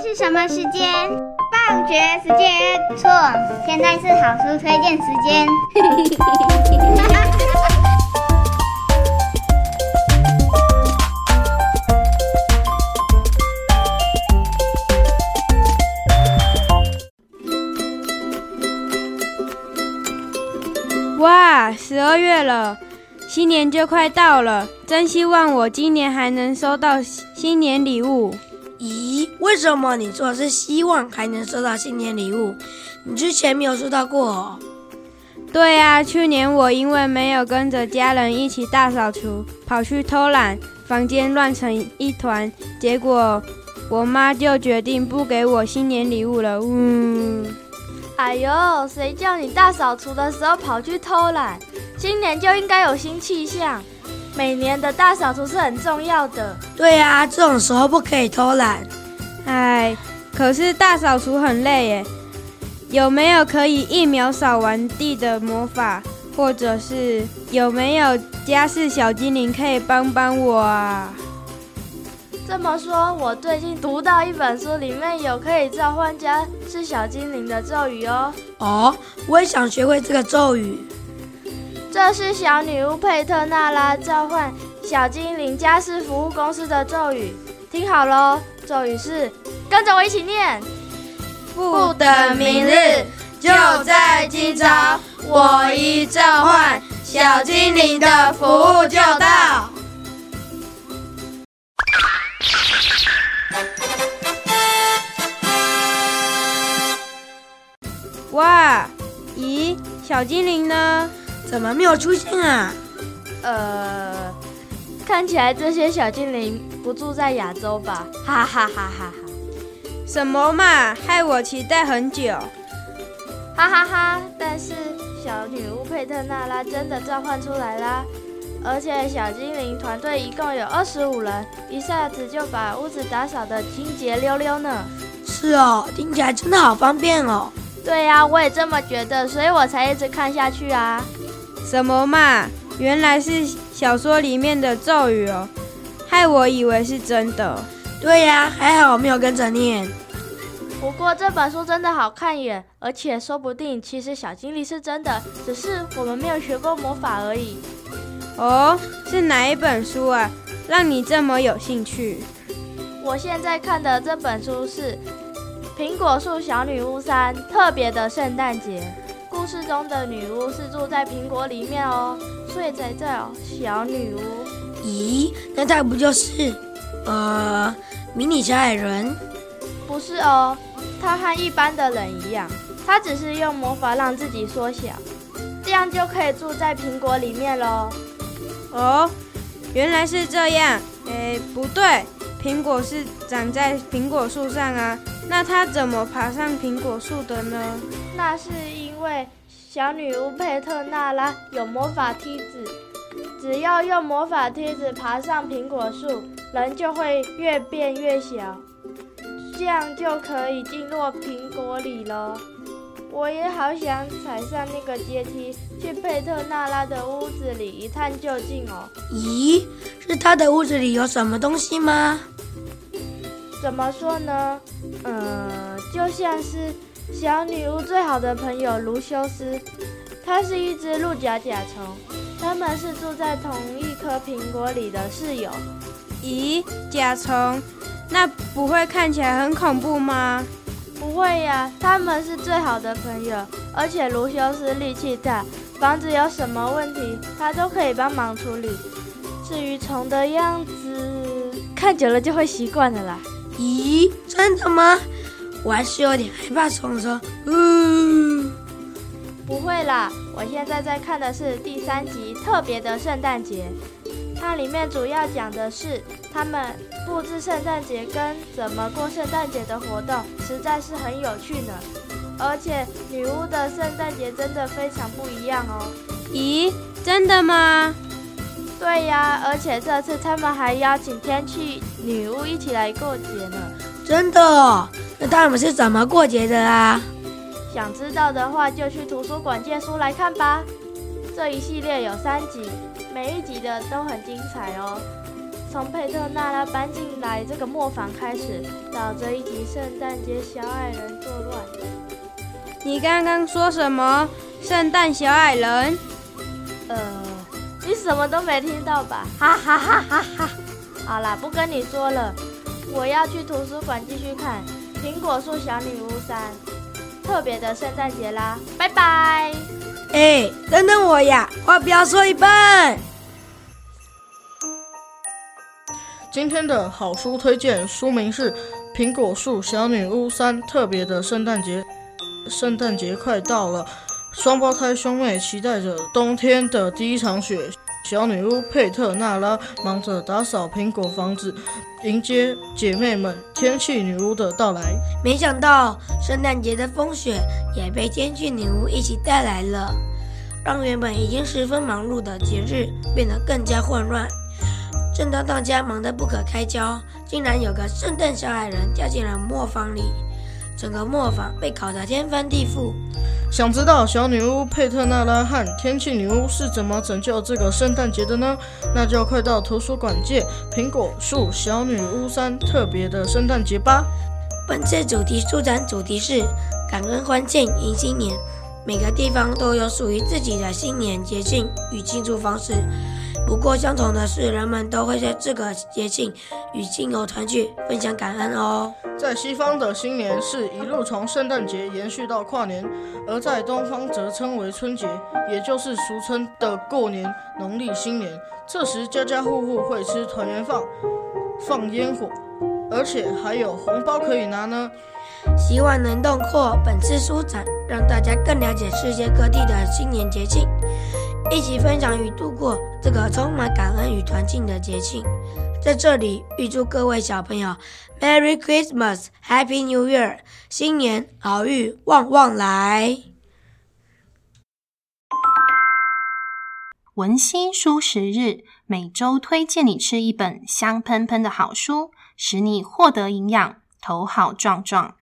是什麼時間？放學時間？錯，現在是好書推薦時間。 哇，十二月了，新年就快到了，真希望我今年還能收到新年禮物。咦？為什麼你說是希望還能收到新年禮物？你之前沒有收到過哦？對啊，去年我因為沒有跟着家人一起大掃除，跑去偷懶，房間亂成一團，結果我媽就決定不給我新年禮物了。嗯，哎呦，誰叫你大掃除的時候跑去偷懶？新年就應該有新氣象。每年的大掃除是很重要的。對啊，這種時候不可以偷懶。哎，可是大掃除很累耶，有沒有可以一秒掃完地的魔法，或者是有沒有家事小精靈可以幫幫我啊？這麼說，我最近讀到一本書，裡面有可以召喚家事小精靈的咒語哦。哦，我也想學會這個咒語。這是小女巫佩特娜拉召喚小精靈家事服務公司的咒語，聽好嘍。咒語是，跟着我一起念，不等明日，就在今朝。我一召喚，小精靈的服務就到。哇，咦，小精靈呢？怎麼沒有出現啊？呃，看起來這些小精靈。不住在亞洲吧，哈哈哈哈哈，什麼嘛，害我期待很久，哈哈哈！但是小女巫佩特娜拉真的召喚出來啦，而且小精靈團隊一共有二十五人，一下子就把屋子打掃得清潔溜溜呢。是哦，聽起來真的好方便哦。對呀、啊，我也這麼覺得，所以我才一直看下去啊。什麼嘛，原來是小說裡面的咒語哦。哎，我以為是真的。對呀，啊，還好我沒有跟着念。不過這本書真的好看耶，而且說不定其實小精靈是真的，只是我們沒有學過魔法而已。哦，是哪一本書啊？讓你這麼有興趣？我現在看的這本書是《蘋果樹小女巫三：特別的聖誕節》。故事中的女巫是住在蘋果裡面哦，睡在這兒小女巫。咦，那這不就是，呃，迷你小矮人？不是哦，他和一般的人一樣，他只是用魔法讓自己縮小，這樣就可以住在蘋果裡面嘍。哦，原來是這樣。哎、欸，不對，蘋果是長在蘋果樹上啊，那他怎麼爬上蘋果樹的呢？那是。對，小女巫佩特娜拉有魔法梯子，只要用魔法梯子爬上蘋果樹，人就會越變越小，這樣就可以進入蘋果裡了。我也好想踩上那個階梯，去佩特娜拉的屋子裡一探究竟哦。咦，是她的屋子裡有什麼東西嗎？怎麼說呢？呃，就像是。小女巫最好的朋友盧修斯，他是一隻鹿角甲蟲，他們是住在同一顆蘋果裡的室友。咦，甲蟲，那不會看起來很恐怖嗎？不會呀，他們是最好的朋友，而且盧修斯力氣大，房子有什麼問題，他都可以幫忙處理。至於蟲的樣子，看久了就會習慣了啦。咦，真的嗎？我還是有點害怕，說說，嗯，不會啦。我現在在看的是第三集《特別的聖誕節》，它裡面主要講的是他們布置聖誕節跟怎麼過聖誕節的活動，實在是很有趣呢。而且女巫的聖誕節真的非常不一樣哦。咦，真的嗎？對呀，而且這次他們還邀請天氣女巫一起來過節呢。真的哦。那他們是怎麼過節的啊？想知道的話，就去圖書館借書來看吧。這一系列有三集，每一集的都很精彩哦。從佩特納拉搬進來這個磨坊開始，到這一集《聖誕節小矮人作亂》。你剛剛說什麼？聖誕小矮人？呃，你什麼都沒聽到吧？哈哈哈哈哈。好啦，不跟你說了，我要去圖書館繼續看。《蘋果樹小女巫三：特別的聖誕節》啦，拜拜！哎、欸，等等我呀，話不要說一半。今天的好書推薦書名是《蘋果樹小女巫三：特別的聖誕節》。聖誕節快到了，雙胞胎兄妹期待着冬天的第一場雪。小女巫佩特娜拉忙着打掃蘋果房子，迎接姐妹們天氣女巫的到來。沒想到，聖誕節的風雪也被天氣女巫一起帶來了，讓原本已經十分忙碌的節日變得更加混亂。正當大家忙得不可開交，竟然有個聖誕小矮人掉進了磨坊裡。整個磨坊被搞得天翻地覆。想知道小女巫佩特納拉和天氣女巫是怎麼拯救這個聖誕節的呢？那就快到圖書館借《蘋果樹小女巫三特別的聖誕節》吧。本次主題書展主題是“感恩歡慶迎新年”，每個地方都有屬於自己的新年節慶與慶祝方式。不過，相同的是，人們都會在這個節慶與親友團聚，分享感恩哦。在西方的新年是一路從聖誕節延續到跨年，而在東方則稱為春節，也就是俗稱的過年、農曆新年。這時，家家戶戶會吃團圓飯，放煙火，而且還有紅包可以拿呢。希望能通過本次書展，讓大家更了解世界各地的新年節慶。一起分享與度過這個充滿感恩與團結的節慶，在這裡預祝各位小朋友 Merry Christmas, Happy New Year！新年好運旺旺來！文欣書食日每周推薦你吃一本香噴噴的好書，使你獲得營養，頭好壯壯。